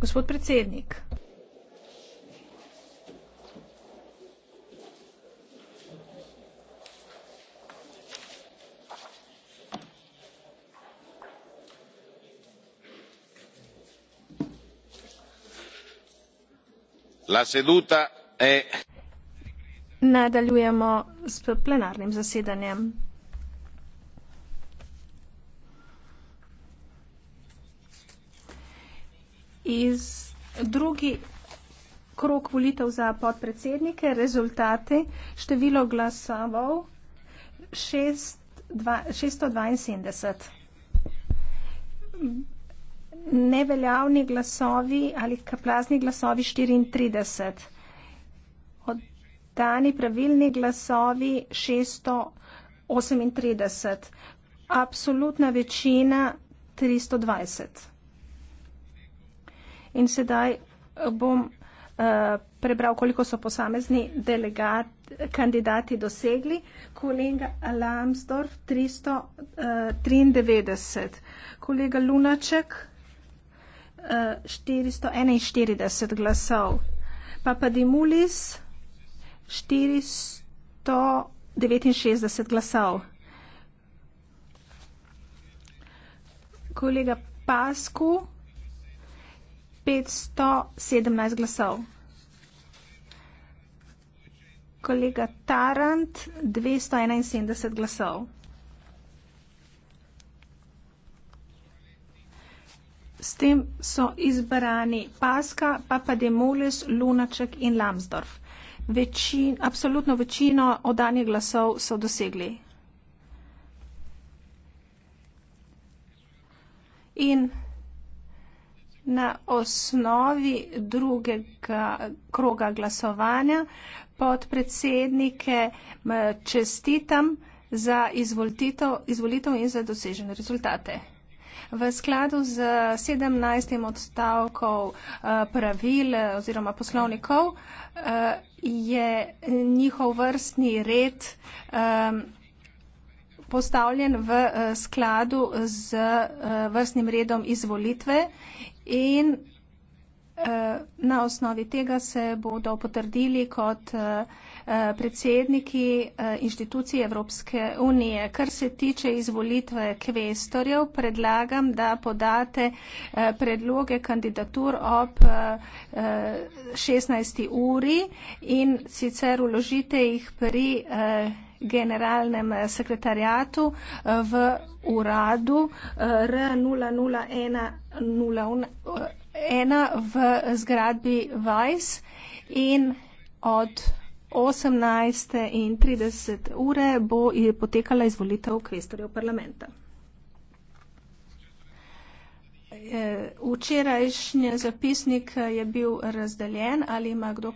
gospod predsednik nadaljujemo s plenarnim zasedanjem iz drugi krok volitev za podpredsednike, rezultate, število glasavov 672. Neveljavni glasovi ali kaplazni glasovi 34. Oddani pravilni glasovi 638. Absolutna večina 320. In sedaj eh, bom uh, prebral, koliko so posamezni delegat, kandidati dosegli. Kolega Lambsdorff 393, eh, kolega Lunaček uh, 441 glasov, Papadimulis 469 glasov. Kolega Pasku 517 glasov. Kolega Tarant, 271 glasov. S tem so izbrani Paska, Papademoulis, Lunaček in Lambsdorff. Večin, absolutno večino oddanih glasov so dosegli. In Na osnovi drugega kroga glasovanja podpredsednike čestitam za izvolitev in za dosežene rezultate. V skladu z sedemnajstim odstavkom eh, pravil eh, oziroma poslovnikov eh, je njihov vrstni red postavljen v eh, skladu z eh, vrstnim redom izvolitve in Eh, na osnovi tega se bodo potrdili kot eh, eh, predsedniki inštitucij Evropske unije. Kar se tiče izvolitve kvestorjev, predlagam, da podate predloge kandidatur ob 16. uri in sicer uložite jih pri generalnem sekretarijatu v uradu R001 01 ena v zgradbi Vajs in od 18.30 ure bo je potekala izvolitev kvestorjev parlamenta. Eh, včerajšnji zapisnik eh, je bil razdeljen. Ali ima kdo